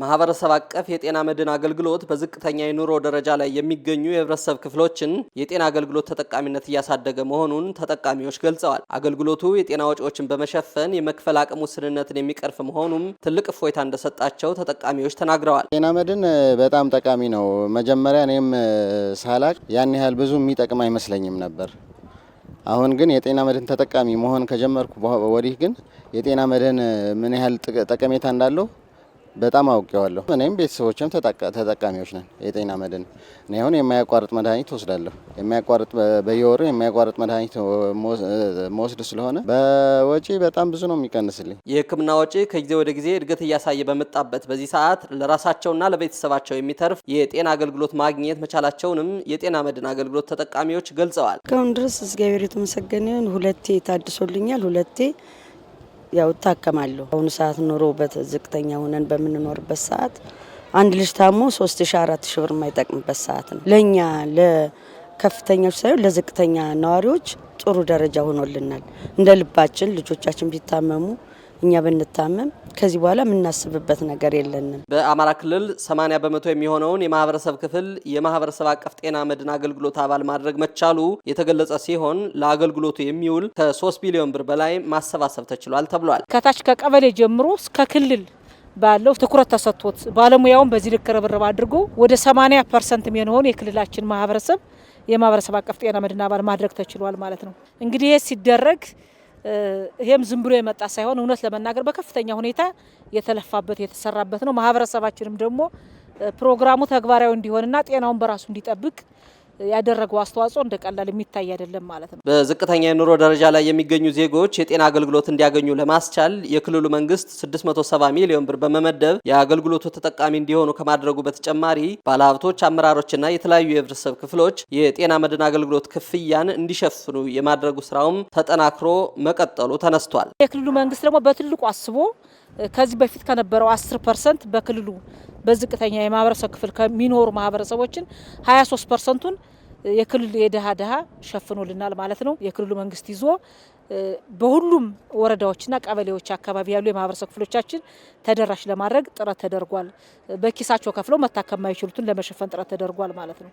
ማህበረሰብ አቀፍ የጤና መድን አገልግሎት በዝቅተኛ የኑሮ ደረጃ ላይ የሚገኙ የህብረተሰብ ክፍሎችን የጤና አገልግሎት ተጠቃሚነት እያሳደገ መሆኑን ተጠቃሚዎች ገልጸዋል። አገልግሎቱ የጤና ወጪዎችን በመሸፈን የመክፈል አቅም ውስንነትን የሚቀርፍ መሆኑም ትልቅ እፎይታ እንደሰጣቸው ተጠቃሚዎች ተናግረዋል። ጤና መድን በጣም ጠቃሚ ነው። መጀመሪያ እኔም ሳላቅ ያን ያህል ብዙ የሚጠቅም አይመስለኝም ነበር። አሁን ግን የጤና መድን ተጠቃሚ መሆን ከጀመርኩ ወዲህ ግን የጤና መድን ምን ያህል ጠቀሜታ እንዳለው በጣም አውቄዋለሁ። እኔም ቤተሰቦችም ተጠቃሚዎች ነን። የጤና መድን እኔ አሁን የማያቋርጥ መድኃኒት ወስዳለሁ። የማያቋርጥ በየወሩ የማያቋርጥ መድኃኒት መወስድ ስለሆነ በወጪ በጣም ብዙ ነው የሚቀንስልኝ። የሕክምና ወጪ ከጊዜ ወደ ጊዜ እድገት እያሳየ በመጣበት በዚህ ሰዓት ለራሳቸውና ለቤተሰባቸው የሚተርፍ የጤና አገልግሎት ማግኘት መቻላቸውንም የጤና መድን አገልግሎት ተጠቃሚዎች ገልጸዋል። እስካሁን ድረስ እግዚአብሔር የተመሰገነ ሁለቴ ታድሶልኛል። ሁለቴ ያው እታከማለሁ። አሁኑ ሰዓት ኑሮ በዝቅተኛ ሆነን በምንኖርበት ሰዓት አንድ ልጅ ታሞ ሶስት ሺ አራት ሺ ብር የማይጠቅምበት ሰዓት ነው። ለእኛ ለከፍተኛዎች ሳይሆን ለዝቅተኛ ነዋሪዎች ጥሩ ደረጃ ሆኖልናል። እንደ ልባችን ልጆቻችን ቢታመሙ እኛ ብንታመም ከዚህ በኋላ የምናስብበት ነገር የለንም። በአማራ ክልል 80 በመቶ የሚሆነውን የማህበረሰብ ክፍል የማህበረሰብ አቀፍ ጤና መድን አገልግሎት አባል ማድረግ መቻሉ የተገለጸ ሲሆን ለአገልግሎቱ የሚውል ከ3 ቢሊዮን ብር በላይ ማሰባሰብ ተችሏል ተብሏል። ከታች ከቀበሌ ጀምሮ እስከ ክልል ባለው ትኩረት ተሰጥቶት ባለሙያውን በዚህ ልክ ርብርብ አድርጎ ወደ 80 ፐርሰንት የሚሆነውን የክልላችን ማህበረሰብ የማህበረሰብ አቀፍ ጤና መድን አባል ማድረግ ተችሏል ማለት ነው። እንግዲህ ይህ ሲደረግ ይሄም ዝም ብሎ የመጣ ሳይሆን እውነት ለመናገር በከፍተኛ ሁኔታ የተለፋበት የተሰራበት ነው። ማህበረሰባችንም ደግሞ ፕሮግራሙ ተግባራዊ እንዲሆንና ጤናውን በራሱ እንዲጠብቅ ያደረገው አስተዋጽኦ እንደ ቀላል የሚታይ አይደለም ማለት ነው። በዝቅተኛ የኑሮ ደረጃ ላይ የሚገኙ ዜጎች የጤና አገልግሎት እንዲያገኙ ለማስቻል የክልሉ መንግስት 670 ሚሊዮን ብር በመመደብ የአገልግሎቱ ተጠቃሚ እንዲሆኑ ከማድረጉ በተጨማሪ ባለሀብቶች፣ አመራሮችና የተለያዩ የህብረተሰብ ክፍሎች የጤና መድን አገልግሎት ክፍያን እንዲሸፍኑ የማድረጉ ስራውም ተጠናክሮ መቀጠሉ ተነስቷል። የክልሉ መንግስት ደግሞ በትልቁ አስቦ ከዚህ በፊት ከነበረው 10 ፐርሰንት በክልሉ በዝቅተኛ የማህበረሰብ ክፍል ከሚኖሩ ማህበረሰቦችን 23 ፐርሰንቱን የክልል የድሃ ድሃ ሸፍኖልናል ማለት ነው። የክልሉ መንግስት ይዞ በሁሉም ወረዳዎችና ቀበሌዎች አካባቢ ያሉ የማህበረሰብ ክፍሎቻችን ተደራሽ ለማድረግ ጥረት ተደርጓል። በኪሳቸው ከፍለው መታከም የማይችሉትን ለመሸፈን ጥረት ተደርጓል ማለት ነው።